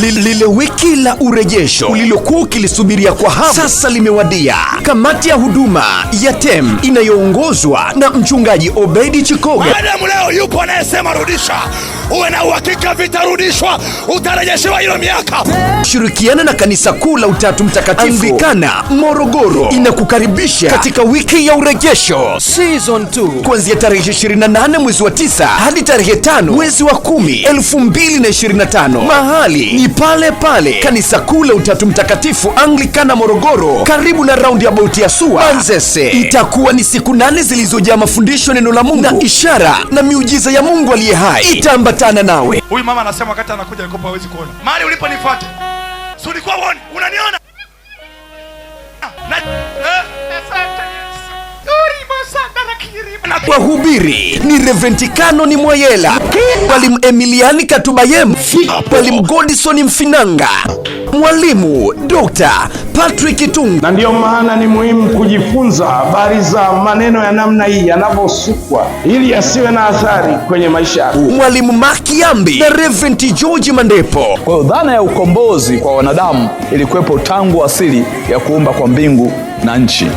lile wiki la urejesho ulilokuwa ukilisubiria kwa hamu sasa limewadia. Kamati ya huduma ya TEM inayoongozwa na mchungaji Obedi Chikoga, leo yupo anayesema rudisha uwe na uhakika vitarudishwa, utarejeshewa hiyo miaka. Shirikiana na Kanisa Kuu la Utatu Mtakatifu Anglikana Morogoro inakukaribisha katika wiki ya urejesho season 2 kuanzia tarehe 28 mwezi wa 9 hadi tarehe 5 mwezi wa 10 2025. Mahali ni pale pale Kanisa Kuu la Utatu Mtakatifu Anglikana Morogoro, karibu na bauti ya SUA Manzese. Itakuwa ni siku nane zilizojaa mafundisho, neno la Mungu na ishara na miujiza ya Mungu aliye hai. Itamba nitaambatana nawe. Huyu mama anasema wakati anakuja alikopa hawezi kuona. Mahali uliponifuata. Si ulikuwa uone? Unaniona? Ah, na, eh? ni Reventikano ni Mwayela, Mwalimu Emiliani Katubayem, Mwalimu Godison Mfinanga, Mwalimu Dr. Patrick Kitungu. Na ndiyo maana ni muhimu kujifunza habari za maneno ya namna hii yanavyosukwa, ili yasiwe na athari kwenye maisha yako. Mwalimu Makiambi Yambi na Reverend George Mandepo. Kwa hiyo dhana ya ukombozi kwa wanadamu ilikuwepo tangu asili ya kuumba kwa mbingu na nchi.